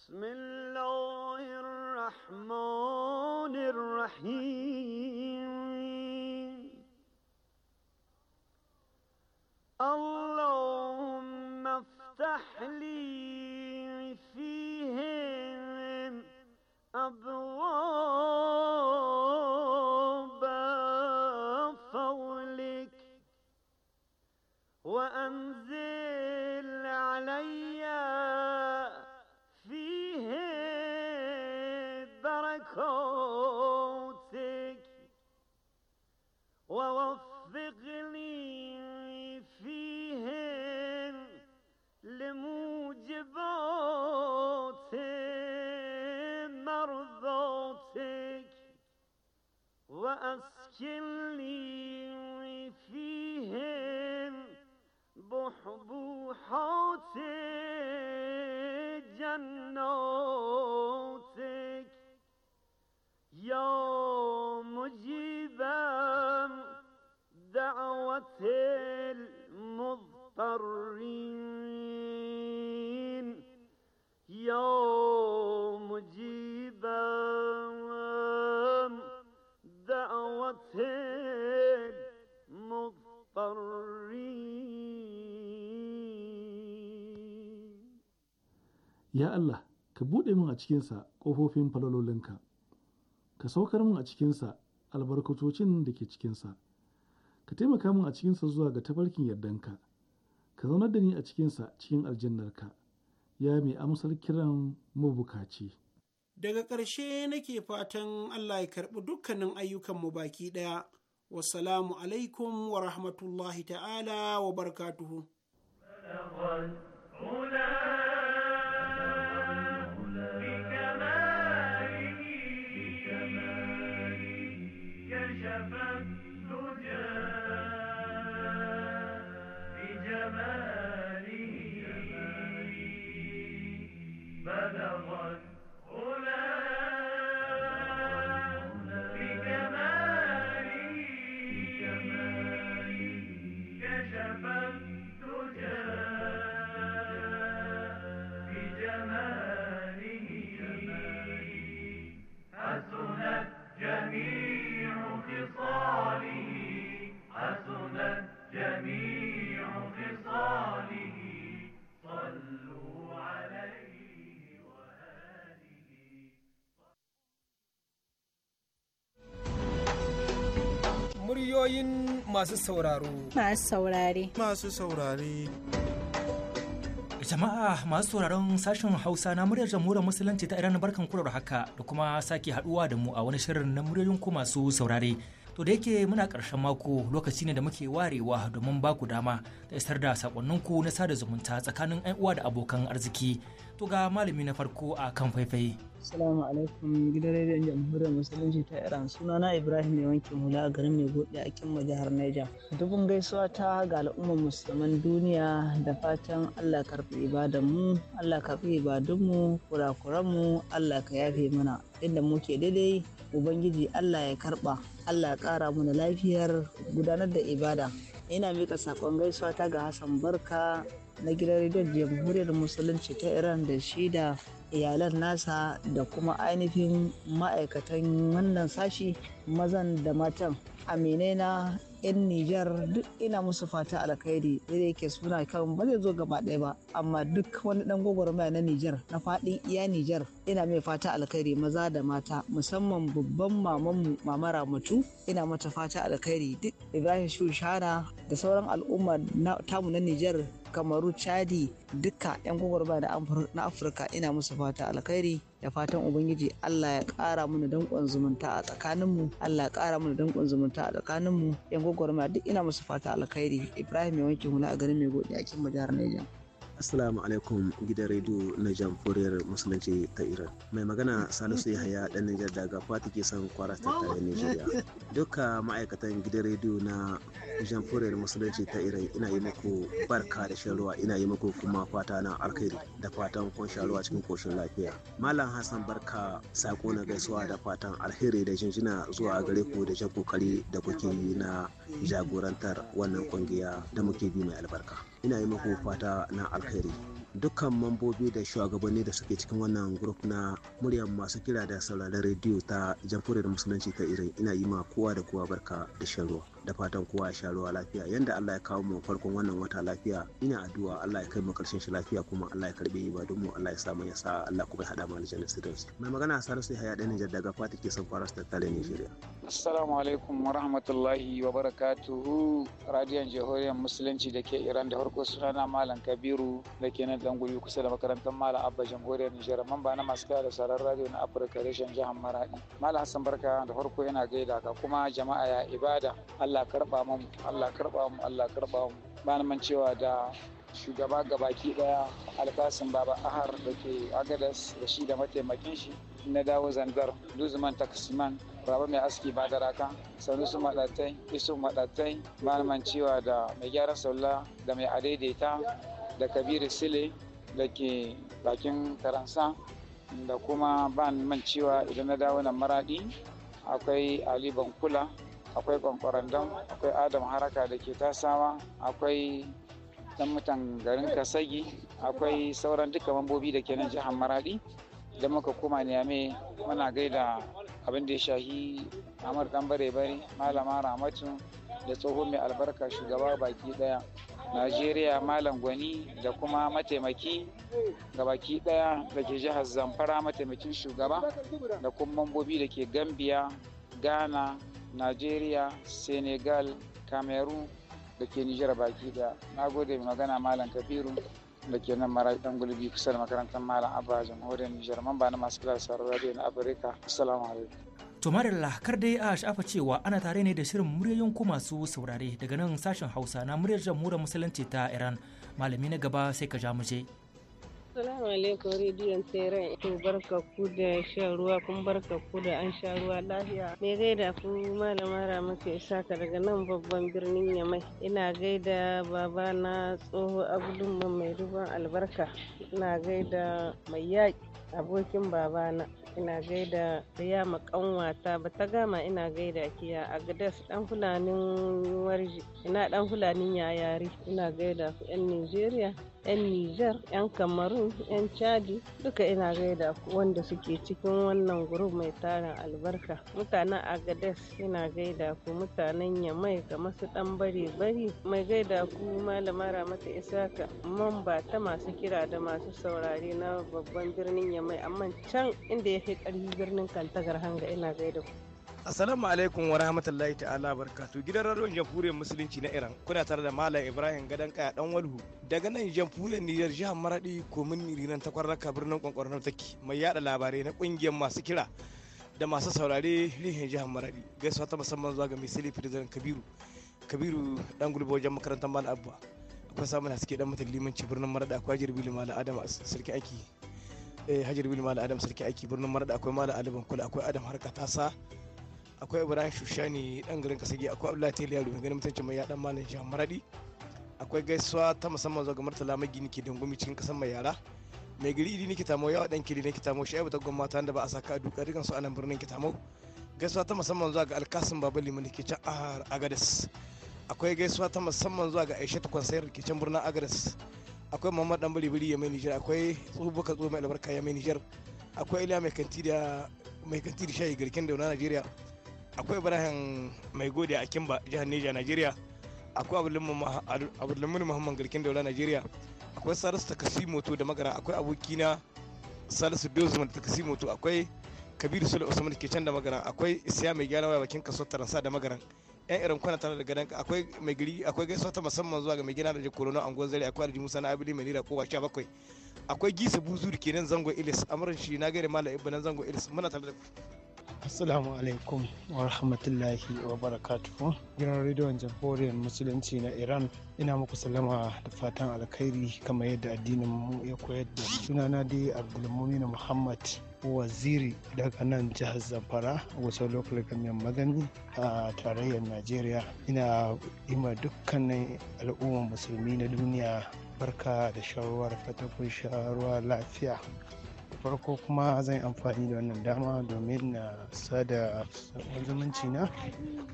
بسم الله الرحمن الرحيم اللهم افتح لي Ya Allah, ka buɗe min a cikinsa ƙofofin falalolinka, ka saukar min a cikinsa albarkatocin da ke cikinsa, ka taimaka min a cikinsa zuwa ga tafarkin yardanka, ka zaunar da ni a cikinsa cikin aljannarka, ya mai amsar kiran mabukaci. Daga ƙarshe nake fatan Allah ya karɓi dukkanin mu baki ɗaya. wasalamu alaikum wa rahmatullahi ta'ala wa barakatuhu. السماء masu sauraro. Masu saurare. Masu saurare. Jama'a masu sauraron sashen Hausa na muryar jamhuriyar Musulunci ta Iran barkan kurar haka da kuma sake haduwa da mu a wani shirin na muryoyin ku masu saurare. To da yake muna karshen mako lokaci ne da muke warewa domin ba ku dama da isar da sakonninku na sada zumunta tsakanin 'yan uwa da abokan arziki. To ga malami na farko a kan faifai. Assalamu alaikum gidan rediyon jamhuriyar musulunci ta Iran suna na Ibrahim ne wankin hula a garin mai gode a kimma jihar Niger. Dubun gaisuwa ta ga al'ummar musulman duniya da fatan Allah karfi ibadan mu, Allah karfi ibadan mu, kurakuran mu, Allah ka yafe mana. Inda muke daidai Ubangiji Allah ya karɓa, Allah ya mu da lafiyar gudanar da ibada. Ina mika sakon gaisuwa ta ga Hassan Barka na gidan rediyon jamhuriyar musulunci ta Iran da shida. iyalan nasa da kuma ainihin ma'aikatan wannan sashi mazan da matan aminai na 'yan Nijar duk ina musu fata alkhairi da yake suna kan ba zai zo gaba ɗaya ba amma duk wani dan gwagwarmaya na Nijar na faɗin iya Nijar ina mai fata alkhairi maza da mata musamman babban mamanmu mamara mutu ina mata fata alkhairi duk Ibrahim Shushana da sauran al'umma tamu na Nijar kamaru chadi duka 'yan gwagwarba na afirka ina musu fata alkhairi da fatan ubangiji allah ya kara mana dankon zumunta a tsakaninmu allah ya kara mana dankon zumunta a tsakaninmu 'yan gwagwarba duk ina musu fata alkhairi ibrahim ya wanke hula a garin mai godiya a kin jihar niger Assalamu alaikum gidan rediyo na jamhuriyar musulunci ta Iran. Mai magana Salisu Yahaya dan Nijar daga Fati ke san kwara tare Nijeriya. Duka ma'aikatan gidan rediyo na jamhuriyar musulunci ta Iran ina yi muku barka da shan ruwa ina yi muku kuma fata na alkhairi da fatan kun sha ruwa cikin koshin lafiya. Malam Hassan barka sako na gaisuwa da fatan alheri da jinjina zuwa gare ku da jan kokari da kuke yi na jagorantar wannan kungiya da muke bi mai albarka ina yi muku fata na alkhairi dukkan mambobi da shugabanni da suke cikin wannan grup na muryar masu kira da sauraron rediyo ta jamhuriyar musulunci ta irin ina yi ma kowa da kowa barka da shan ruwa da fatan kowa ya sha ruwa lafiya yanda Allah ya kawo mu farkon wannan wata lafiya ina addu'a Allah ya kai mu karshen shi lafiya kuma Allah ya karbe ibadun mu Allah ya sa mu ya sa Allah kuma ya hada mu aljanna sirrinsu mai magana sai haya ɗan Nijar daga Fati ke son faras da tare Nijeriya Assalamu alaikum wa rahmatullahi wa barakatuhu radiyon jihohiyar musulunci da ke Iran da farko sunana Malam Kabiru da ke nan dan guri kusa da makarantar Malam Abba Jamhuriyar Nijar mamba na masu da sarar radiyo na Afirka reshen jihar Maradi Malam Hassan Barka da farko yana gaida ka kuma jama'a ya ibada Allah Allah karba mu Allah karba mu Allah karba mu malaman cewa da shugaba gabaki daya alkasin baba ahar da ke agadas da shi da mataimakin shi na dawo zanzar luzman takasiman raba mai aski ba da raka sanu su maɗatai isu maɗatai malaman cewa da mai gyaran saula da mai adaidaita da kabiru sile da ke bakin karansa da kuma ban man cewa idan na dawo nan maradi akwai ali bankula akwai kwankwarandam akwai adam haraka da ke tasawa akwai dan mutan garin kasagi akwai sauran duka mambobi da ke nan jihar maradi da muka koma niyame muna gaida abin da ya shahi amur dan bare bare malama ramatu da tsohon mai albarka shugaba baki daya najeriya malam gwani da kuma mataimaki ga baki daya da ke jihar zamfara mataimakin shugaba da kuma mambobi da ke gambiya ghana Najeriya, Senegal, Cameroon da ke Nijar baki da na gode magana Malam Kabiru da ke nan mara ɗan gulbi kusa da makarantar Malam Abba jamhuriyar Nijar mamba na masu kira da sauran radio na Afirka. Assalamu alaikum. To Marilla, kar dai a shafa cewa ana tare ne da shirin muryoyin ku masu saurare daga nan sashen Hausa na muryar jamhuriyar musulunci ta Iran. Malami na gaba sai ka ja mu je. Assalamu alaikum rediyon tseren to barka ku da shan ruwa kun barka ku da an sha ruwa lafiya. Me gaida ku malama ke saka? daga nan babban birnin Yamai. Ina gaida baba na tsoho Abdulman mai duban albarka. Ina gaida mai yaƙi abokin babana. ina gaida ya makanwata ba ta gama ina gaida kiya a gadas dan fulanin warji ina dan fulanin yayari ina gaida ku yan nigeria 'yan Nijar, 'yan Kamarun, 'yan Chadi duka ina gaida ku wanda suke cikin wannan gurup mai tarin albarka. Mutanen Agades ina gaida ku mutanen Yamai kamar su ɗan bare bari mai gaida ku malama Ramata Isaka mamba ta masu kira da masu saurare na babban birnin Yamai amma can inda ya fi ƙarfi birnin Kantagar hanga ina gaida ku. Assalamu alaikum wa rahmatullahi ta'ala barkatu gidan radio jamhuriyar musulunci na Iran kuna tare da Malam Ibrahim Gadan Kaya dan Walhu daga nan jamhuriyar Nijar jihar Maradi komin Rinan takwarraka birnin kwankwarnar take mai yada labarai na kungiyar masu kira da masu saurare rihin jihar Maradi gaisuwa ta musamman zuwa ga Misali president Kabiru Kabiru dan gulbo wajen makarantar Malam Abba akwai samun haske dan mutum limanci birnin Maradi akwai Jirbi Malam Adam sarki aiki eh Hajar Malam Adam sarki aiki birnin Maradi akwai Malam Aliban Kula akwai Adam Harka Tasa akwai ibrahim shushani dan garin kasage akwai abdullahi teliya mai ganin mutunci mai yaɗan malam jihar maradi akwai gaisuwa ta musamman zuwa ga martala magini ke dangumi cikin kasan mai yara mai gari idi ni tamo yawa dan kiri ne tamo shi ta gwamnati wanda ba a saka duka dukan su a nan birnin tamo gaisuwa ta musamman zuwa ga alkasim baba liman ke can agadas akwai gaisuwa ta musamman zuwa ga aisha kwansayar ke can birnin agadas akwai muhammad dan biri ya mai nijar akwai tsubuka tso mai albarka ya mai nijar akwai iliya mai kanti da mai kanti da shayi garkin na najeriya akwai ibrahim mai gode a kimba jihar neja najeriya akwai abdullamin muhammad garkin daula najeriya akwai salisu kasi moto da magana akwai abokina salisu dozman kasi moto akwai kabiru sule usman ke can da magana akwai isya mai gyara waya bakin kaso taransa da magana yan irin kwana tare da gadan akwai mai gari akwai gaisuwa ta musamman zuwa ga mai gina da jikorono angon zare akwai da musa na abili mai nira kowa sha bakwai akwai gisa buzuri kenan zango ilis amurin shi na gari malam ibanan zango ilis muna tare da ku Assalamu alaikum wa rahmatullahi wa barakatuhu. Gidan rediyon jamhuriyar musulunci na Iran ina muku salama da fatan alkhairi kamar yadda addinin mu ya koyar da sunana dai Abdulmumin Muhammad waziri daga nan jihar zamfara wasu local government magani a tarayyar najeriya ina ima dukkanin al'ummar musulmi na duniya barka da shawarar fatakun shawarwa lafiya farko kuma zan amfani da wannan dama domin na sada zumunci na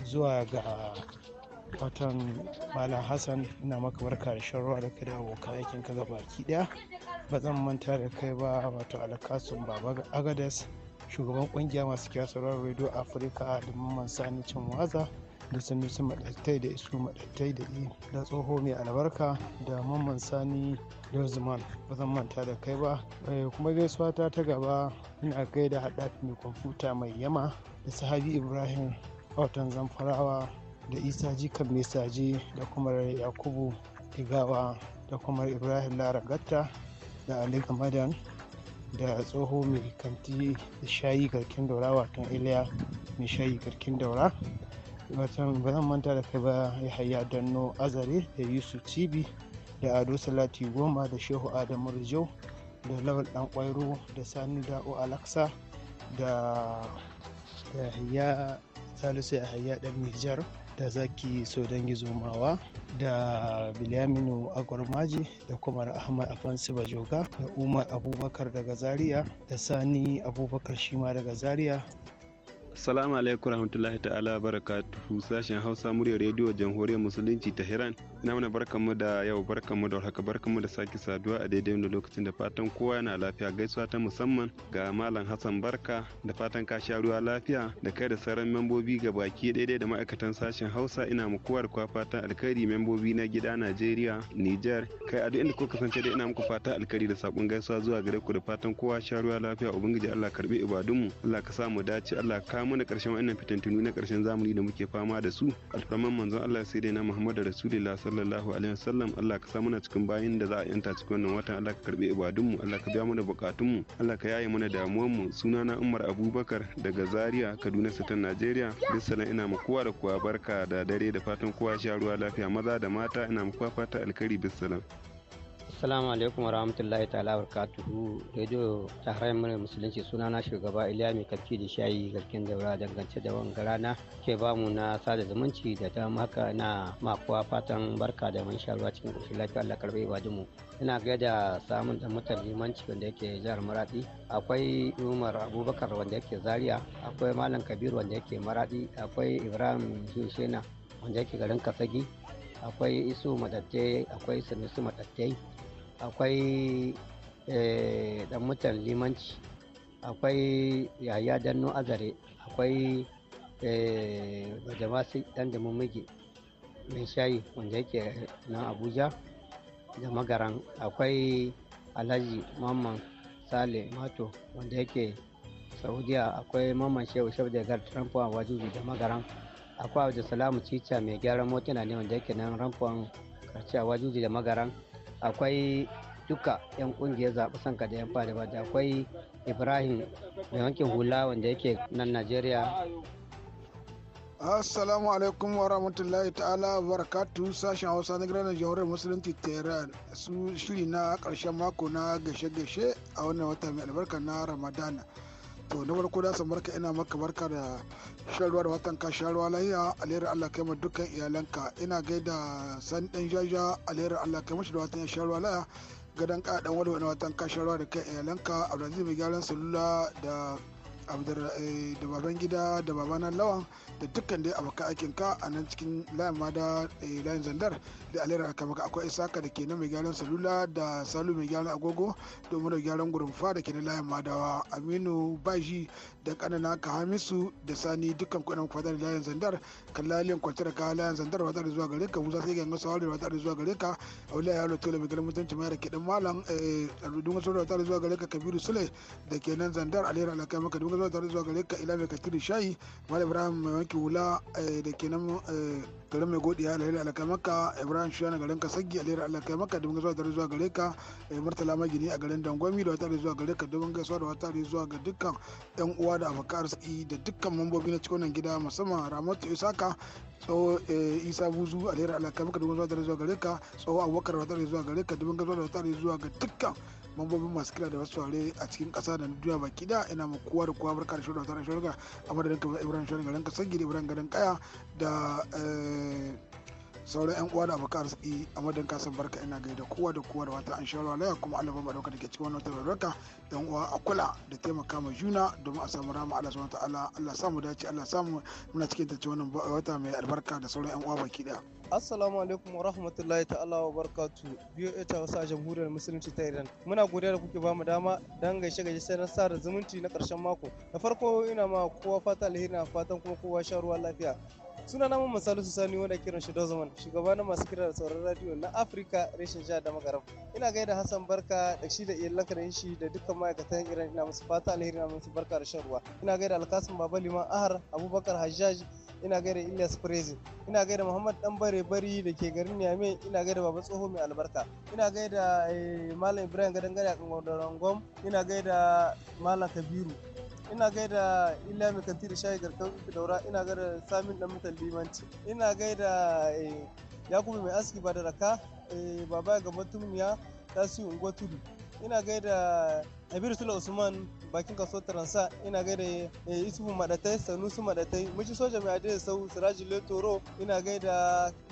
zuwa ga watan malam hassan ina maka barka da shan ruwa da kai da abokan aikin ka gaba ki daya ba zan manta da kai ba wato alakasun baba agadas shugaban kungiya masu kiyasar rediyo afirka da mamman sani cin waza da sanusi maɗattai da isu maɗattai da i da tsoho mai albarka da mamman sani lozman ba zan manta da kai ba eh, kuma gaisuwa ta ta gaba ina gaida haɗa mai kwamfuta mai yama da sahabi ibrahim autan zamfarawa da isa jikan mai saje da kuma yakubu Igawa da kuma ibrahim laragatta da ali gamadan da tsoho mai kanti da shayi garkin daura watan iliya mai shayi garkin daura ba manta da kai ba yahaya danno azare da yusuf cibi da ado salati goma da shehu adamu rijau da lawal dan kwairo da sani da'o alaksa da salisu yahaya dan mijar da zaki sodangi mawa da bilyaminu agwarmaji da kuma ahmad afansu bajoga da umar abubakar daga zaria da sani abubakar shima daga zaria Salamu alaikum rahmatullahi ta'ala barakatuhu sashen Hausa murya rediyo jamhuriyar musulunci ta Iran. Ina mana mu da yau mu da haka mu da sake saduwa a daidai wani lokacin da fatan kowa yana lafiya gaisuwa ta musamman ga Malam Hassan Barka da fatan ka sha ruwa lafiya da kai da sauran membobi ga baki daidai da ma'aikatan sashen Hausa ina muku kwa fatan alkhairi membobi na gida Najeriya, Niger, kai a duk inda kuka kasance dai ina muku fatan alkhairi da sakon gaisuwa zuwa gare ku da fatan kowa sha ruwa lafiya ubangiji Allah karbi ibadunmu Allah ka sa mu dace Allah ka kawo mana ƙarshen wannan fitintunu na karshen zamani da muke fama da su alfarman manzon Allah sai dai na Muhammadu Rasulullah sallallahu alaihi wasallam Allah ka sa cikin bayin da za a yanta cikin wannan watan Allah ka karbi ibadun mu Allah ka biya mana bukatun mu Allah ka yaye mana damuwan mu suna na Umar Abubakar daga Zaria Kaduna ta Najeriya bisala ina ma kowa da kowa barka da dare da fatan kowa sha ruwa lafiya maza da mata ina ma kowa fata alkhairi Assalamu alaikum warahmatullahi ta'ala barkatuhu Radio ta mana musulunci suna na shugaba Iliya mai kafi da shayi garkin daura dangance da wanga rana ke bamu na sada zumunci da ta maka na makuwa fatan barka da man sha ruwa cikin ƙoshin lafiya Allah karbe ibadunmu. Ina da samun da mutan limanci wanda yake jihar Maradi akwai Umar Abubakar wanda yake Zaria akwai Malam Kabiru wanda yake Maradi akwai Ibrahim Hushena wanda yake garin Kasagi akwai Isu Madatte akwai sanusu Madatte akwai eh, dan mutan limanci akwai yaya danno azare akwai eh, bajamasi dan da mummige mai shayi wanda yake nan abuja da magaran akwai alhaji mamman sale mato wanda yake saudiya akwai mamman shehu shehu da gar trampo a wajibi da magaran akwai abu da salamu cica mai gyaran motuna ne wanda yake nan ramfon karshe a wajibi da magaran akwai duka 'yan kungiyar zaɓi sanka da 'yan fada da akwai ibrahim mai wankin hula wanda yake nan najeriya assalamu alaikum wa rahmatullahi ta'ala barakatu sashen hausa na gidan jamhuriyar musulunci tehran su shiri na karshen mako na gashe-gashe a wannan wata mai albarka na ramadana to na farko da san barka ina maka barka da shan ruwa da watan ka shan ruwa lahiya alherin Allah kai ma dukkan iyalanka ina gaida san dan jaja alherin Allah kai mashi da watan shan ruwa lahiya gadan ka dan wani watan ka shan ruwa da kai iyalanka Abdulaziz mai gyaran salula da Eh, da baban gida da babana lawa da dukkan dai abokan aikin ka a nan cikin layin mada eh, layin zandar da alera maka akwai isaka da ke na mai gyaran salula da salu mai gyaran agogo domin da gyaran gurumfa da ke na layin madawa aminu baji da kanana ka hamisu da sani dukkan kudin kwadar layan zandar kallalin kwantar ka layan zandar wata da zuwa gare ka musa sai gangan sawari wata da zuwa gare ka aula yaro tole mai garin mutunci mai rake dan malam eh, a rudun wasu wata da zuwa gare ka kabiru sule da ke nan zandar alera alaka maka dukkan wata da zuwa gare ka ila mai katiri shayi malam ibrahim mai wanki wula eh, da ke nan eh, garin mai godiya alera alaka maka ibrahim shiyana garin kasagi alera alaka maka dukkan wata da zuwa gare ka martala magini a garin dangwami da wata da zuwa gare ka dukkan gaisuwa da wata da zuwa ga dukkan yan uwa Kowa da abokan arziki da dukkan mambobi na cikin wannan gida musamman ramatu isaka tsawo eh, isa buzu alheri alaka maka dubin zuwa da zuwa gare ka tsawo abubakar wata da zuwa gare ka dubin gazuwa da wata da zuwa ga dukkan mambobin masu kira da wasu ware a cikin kasa da duniya baki da ina ma kowa da kowa barka da shirin da wata da shirin a madadin kamar ibrahim shirin ranka kasan da ibrahim ga ranka da eh, sauran yan uwa da abokan arziki a madan kasan barka ina gai da kowa da kowa da wata an shawarwa laya kuma alaban madauka da ke cikin wannan tarurruka yan uwa a kula da taimaka ma juna domin a samu rama Allah subhanahu ta'ala Allah samu dace Allah samu muna cikin ta wannan wata mai albarka da sauran yan uwa baki daya assalamu alaikum wa rahmatullahi ta'ala wa barakatu biyo ita wasa jamhuriyar musulunci ta Iran muna godiya da kuke bamu dama dan gaishe gaishe sai na sa da zumunci na karshen mako da farko ina ma kowa fata alheri na fatan kuma kowa sha ruwa lafiya suna namu misali su sani wanda kiran shi dozaman shugaba na masu kira da sauran radio na afirka reshen jihar da magaram ina gaida hassan barka da shi da iyalanka da shi da dukkan ma'aikatan iran ina musu fata alheri na musu barka da shan ruwa ina gaida alkasim baba liman ahar abubakar hajjaj ina gaida Ilyas Prezi ina gaida Muhammad Dan Bare Bari da ke garin Niamey ina gaida Baba Tsoho mai albarka ina gaida eh, Malam Ibrahim Gadangare a kan gwam, ina gaida Malam Kabiru ina gaida ila mai kanti da shayi garkan daura ina gaida samin dan mutan limanci ina gaida eh, yakubu mai aski ba da raka eh, baba ga mutumiya tasiri unguwa tudu ina gaida abiru sula usman bakin kaso taransa ina gaida eh, isufu madatai sanusu madatai muci soja mai adai sau siraji letoro ina gaida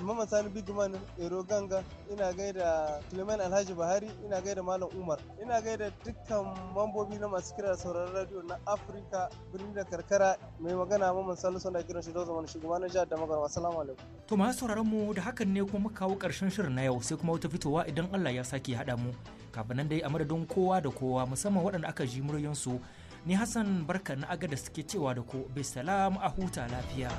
mama sani bigman ero ganga ina gaida suleiman alhaji bahari ina gaida malam umar ina gaida dukkan mambobi na masu kira sauraron radio na afirka birnin da karkara mai magana mama salisu na kiran shi da zaman shugaba na jihar da magarwa assalamu alaikum to masu sauraron mu da hakan ne kuma kawo karshen shirin na yau sai kuma wata fitowa idan allah ya sake haɗa mu kafin nan dai a madadin kowa da kowa musamman waɗanda aka ji muryansu ni hassan barka na agada suke cewa da ku bisalam a huta lafiya.